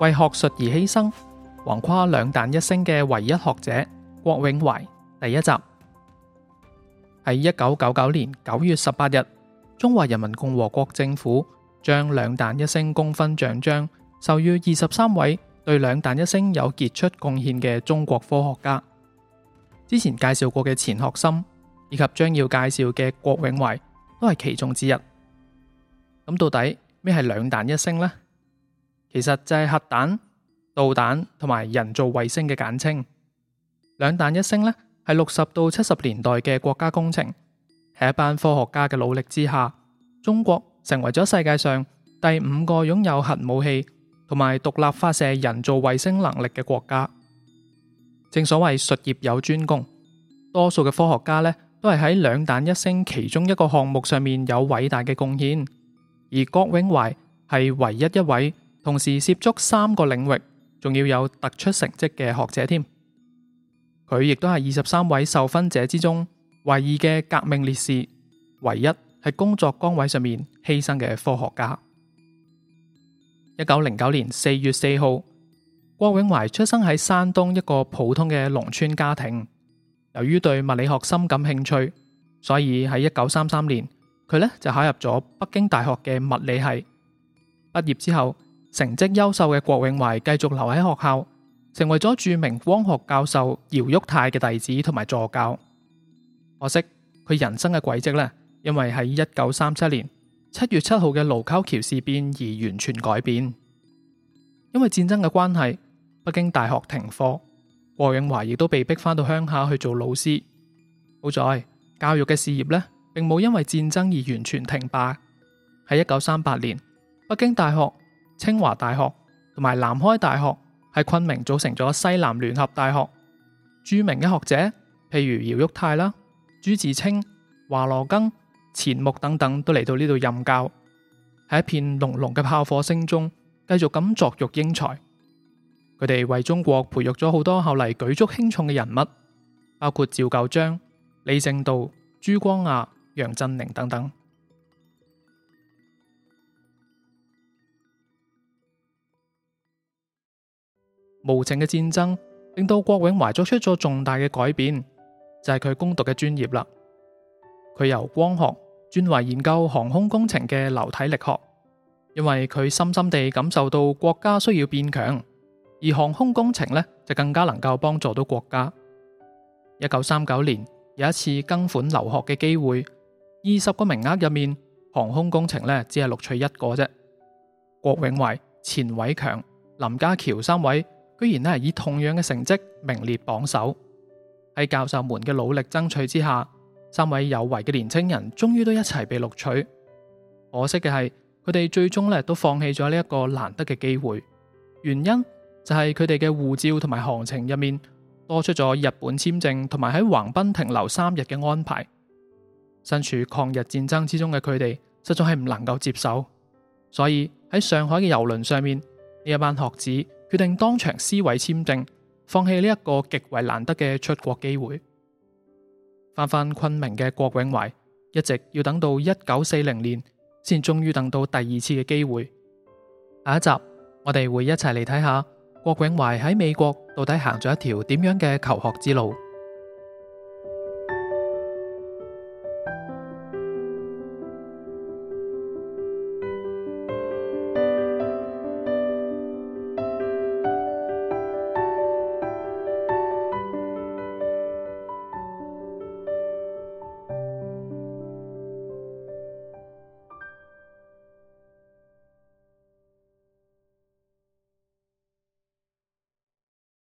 為學術而犧牲，橫跨兩彈一星嘅唯一學者郭永懷。第一集喺一九九九年九月十八日，中華人民共和國政府將兩彈一星功勳獎章授予二十三位對兩彈一星有傑出貢獻嘅中國科學家。之前介紹過嘅錢學森，以及將要介紹嘅郭永懷，都係其中之一。咁到底咩係兩彈一星呢？其實就係核彈、導彈同埋人造衛星嘅簡稱。兩彈一星呢，係六十到七十年代嘅國家工程。喺一班科學家嘅努力之下，中國成為咗世界上第五個擁有核武器同埋獨立發射人造衛星能力嘅國家。正所謂術業有專攻，多數嘅科學家呢，都係喺兩彈一星其中一個項目上面有偉大嘅貢獻，而郭永懷係唯一一位。同時涉足三個領域，仲要有突出成績嘅學者添。佢亦都係二十三位受勳者之中，唯二嘅革命烈士，唯一係工作崗位上面犧牲嘅科學家。一九零九年四月四號，郭永懷出生喺山東一個普通嘅農村家庭。由於對物理學深感興趣，所以喺一九三三年，佢呢就考入咗北京大學嘅物理系。畢業之後，成績優秀嘅郭永懷繼續留喺學校，成為咗著名光學教授姚毓泰嘅弟子同埋助教。可惜佢人生嘅軌跡呢，因為喺一九三七年七月七號嘅盧溝橋事變而完全改變。因為戰爭嘅關係，北京大學停課，郭永懷亦都被逼返到鄉下去做老師。好在教育嘅事業呢，並冇因為戰爭而完全停擺。喺一九三八年，北京大學，清華大學同埋南開大學喺昆明組成咗西南聯合大學，著名嘅學者譬如姚毓泰啦、朱自清、華羅庚、錢穆等等都嚟到呢度任教，喺一片隆隆嘅炮火聲中繼續咁作育英才。佢哋為中國培育咗好多後嚟舉足輕重嘅人物，包括趙九章、李政道、朱光亞、楊振寧等等。無情嘅戰爭令到郭永懷作出咗重大嘅改變，就係佢攻讀嘅專業啦。佢由光學轉為研究航空工程嘅流體力學，因為佢深深地感受到國家需要變強，而航空工程咧就更加能夠幫助到國家。一九三九年有一次庚款留學嘅機會，二十個名額入面，航空工程咧只係錄取一個啫。郭永懷、錢偉長、林家翹三位。居然係以同樣嘅成績名列榜首，喺教授們嘅努力爭取之下，三位有為嘅年青人終於都一齊被錄取。可惜嘅係，佢哋最終咧都放棄咗呢一個難得嘅機會。原因就係佢哋嘅護照同埋航程入面多出咗日本簽證同埋喺橫濱停留三日嘅安排。身處抗日戰爭之中嘅佢哋，實在係唔能夠接受，所以喺上海嘅遊輪上面呢一班學子，決定當場撕毀簽證，放棄呢一個極為難得嘅出國機會。翻返昆明嘅郭永懷，一直要等到一九四零年，先終於等到第二次嘅機會。下一集我哋會一齊嚟睇下郭永懷喺美國到底行咗一條點樣嘅求學之路。